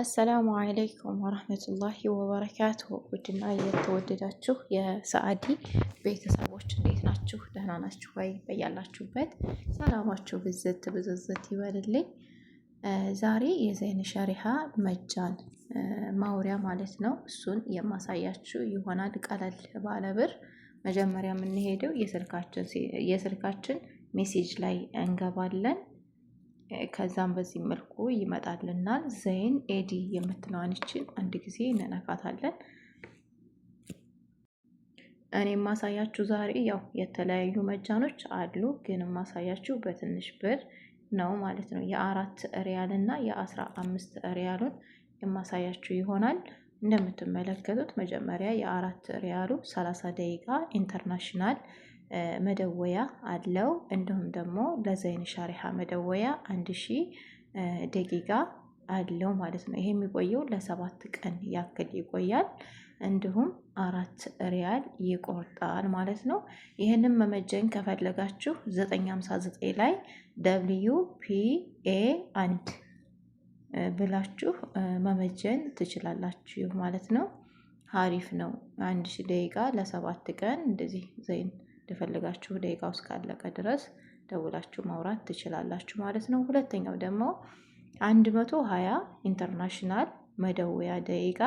አሰላሙ አለይኩም ወረህመቱላሂ ወበረካቱሁ። ውድና የተወደዳችሁ የሰአዲ ቤተሰቦች እንዴት ናችሁ? ደህና ናችሁ ወይ? በያላችሁበት ሰላማችሁ ብዝት ብዝዝት ይበልልኝ። ዛሬ የዘይን ሸሪሃ መጃን ማውሪያ ማለት ነው። እሱን የማሳያችሁ ይሆናል። ቀለል ባለብር መጀመሪያ የምንሄደው የስልካችን ሜሴጅ ላይ እንገባለን። ከዛም በዚህ መልኩ ይመጣልናል። ዘይን ኤዲ የምትለዋን አንድ ጊዜ እንነካታለን። እኔ የማሳያችሁ ዛሬ ያው የተለያዩ መጃኖች አሉ፣ ግን የማሳያችሁ በትንሽ ብር ነው ማለት ነው። የአራት ሪያል እና የአስራ አምስት ሪያሉን የማሳያችሁ ይሆናል። እንደምትመለከቱት መጀመሪያ የአራት ሪያሉ ሰላሳ ደቂቃ ኢንተርናሽናል መደወያ አለው። እንዲሁም ደግሞ ለዘይን ሻሪሃ መደወያ አንድ ሺህ ደቂቃ አለው ማለት ነው። ይሄ የሚቆየው ለሰባት ቀን ያክል ይቆያል። እንዲሁም አራት ሪያል ይቆርጣል ማለት ነው። ይህንም መመጀን ከፈለጋችሁ 959 ላይ ደብልዩ ፒ ኤ አንድ ብላችሁ መመጀን ትችላላችሁ ማለት ነው። ሀሪፍ ነው። አንድ ሺ ደቂቃ ለሰባት ቀን እንደዚህ ዘይን እንደፈለጋችሁ ደቂቃው ካለቀ ድረስ ደውላችሁ ማውራት ትችላላችሁ ማለት ነው። ሁለተኛው ደግሞ አንድ መቶ ሀያ ኢንተርናሽናል መደወያ ደቂቃ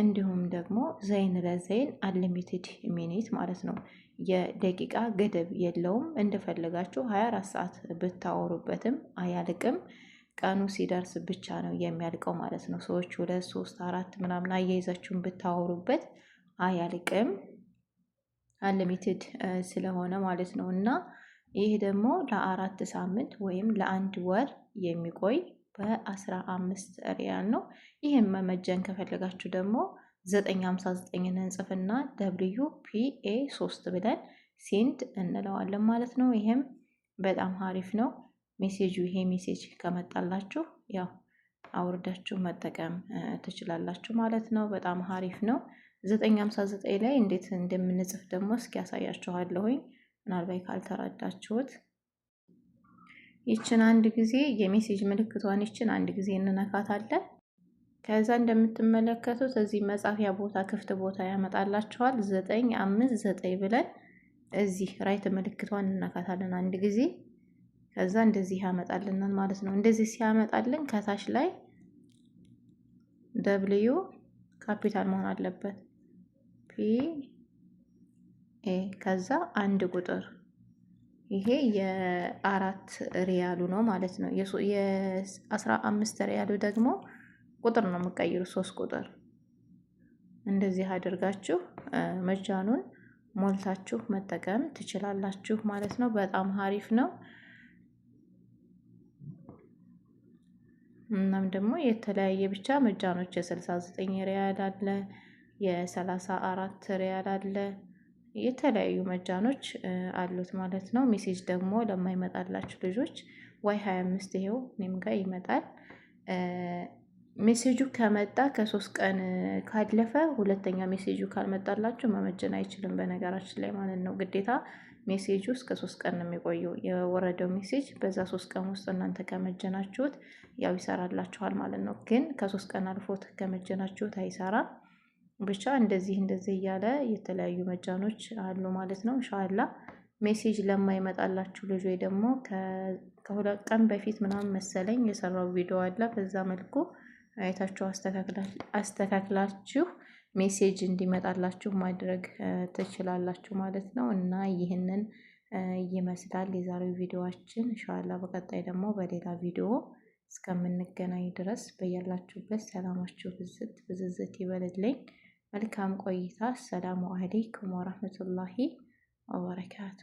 እንዲሁም ደግሞ ዘይን ለዘይን አንሊሚትድ ሚኒት ማለት ነው። የደቂቃ ገደብ የለውም። እንደፈለጋችሁ 24 ሰዓት ብታወሩበትም አያልቅም። ቀኑ ሲደርስ ብቻ ነው የሚያልቀው ማለት ነው። ሰዎች ሁለት ሶስት አራት ምናምን አያይዛችሁን ብታወሩበት አያልቅም። አንሊሚትድ ስለሆነ ማለት ነው እና ይህ ደግሞ ለአራት ሳምንት ወይም ለአንድ ወር የሚቆይ በአስራ አምስት ሪያል ነው። ይህም መመጀን ከፈለጋችሁ ደግሞ ዘጠኝ ሀምሳ ዘጠኝን እንጽፍና ደብልዩ ፒኤ ሶስት ብለን ሴንድ እንለዋለን ማለት ነው። ይህም በጣም አሪፍ ነው። ሜሴጁ ይሄ ሜሴጅ ከመጣላችሁ ያው አውርዳችሁ መጠቀም ትችላላችሁ ማለት ነው። በጣም አሪፍ ነው። 959 ላይ እንዴት እንደምንጽፍ ደግሞ እስኪ ያሳያችኋለሁኝ። ምናልባት ካልተረዳችሁት ይችን አንድ ጊዜ የሜሴጅ ምልክቷን ይችን አንድ ጊዜ እንነካታለን። ከዛ እንደምትመለከቱት እዚህ መጻፊያ ቦታ ክፍት ቦታ ያመጣላችኋል። ዘጠኝ አምስት ዘጠኝ ብለን እዚህ ራይት ምልክቷን እንነካታለን አንድ ጊዜ። ከዛ እንደዚህ ያመጣልናል ማለት ነው። እንደዚህ ሲያመጣልን ከታች ላይ ደብልዩ ካፒታል መሆን አለበት። ፒ ኤ ከዛ አንድ ቁጥር ይሄ የአራት ሪያሉ ነው ማለት ነው። የአስራ አምስት ሪያሉ ደግሞ ቁጥር ነው የምቀይሩ ሶስት ቁጥር እንደዚህ አድርጋችሁ መጃኑን ሞልታችሁ መጠቀም ትችላላችሁ ማለት ነው። በጣም ሀሪፍ ነው። እናም ደግሞ የተለያየ ብቻ መጃኖች የ69 ሪያል አለ የሰላሳ አራት ሪያል አለ የተለያዩ መጃኖች አሉት ማለት ነው። ሜሴጅ ደግሞ ለማይመጣላችሁ ልጆች ዋይ 25 ይሄው እኔም ጋር ይመጣል። ሜሴጁ ከመጣ ከሶስት ቀን ካለፈ ሁለተኛ ሜሴጁ ካልመጣላችሁ መመጀን አይችልም። በነገራችን ላይ ማለት ነው ግዴታ ሜሴጁ እስከ ሶስት ቀን ነው የሚቆየው የወረደው ሜሴጅ። በዛ ሶስት ቀን ውስጥ እናንተ ከመጀናችሁት ያው ይሰራላችኋል ማለት ነው። ግን ከሶስት ቀን አልፎት ከመጀናችሁት አይሰራም። ብቻ እንደዚህ እንደዚህ እያለ የተለያዩ መጃኖች አሉ ማለት ነው። እንሻላ ሜሴጅ ለማይመጣላችሁ ልጆ ደግሞ ከሁለት ቀን በፊት ምናምን መሰለኝ የሰራው ቪዲዮ አለ። በዛ መልኩ አይታችሁ አስተካክላችሁ ሜሴጅ እንዲመጣላችሁ ማድረግ ትችላላችሁ ማለት ነው። እና ይህንን ይመስላል የዛሬው ቪዲዮችን እንሻላ በቀጣይ ደግሞ በሌላ ቪዲዮ እስከምንገናኝ ድረስ በያላችሁበት ሰላማችሁ ብዝት ብዝዝት ይበልልኝ። መልካም ቆይታ። አሰላሙ አለይኩም ወረህመቱላሂ ወበረካቱ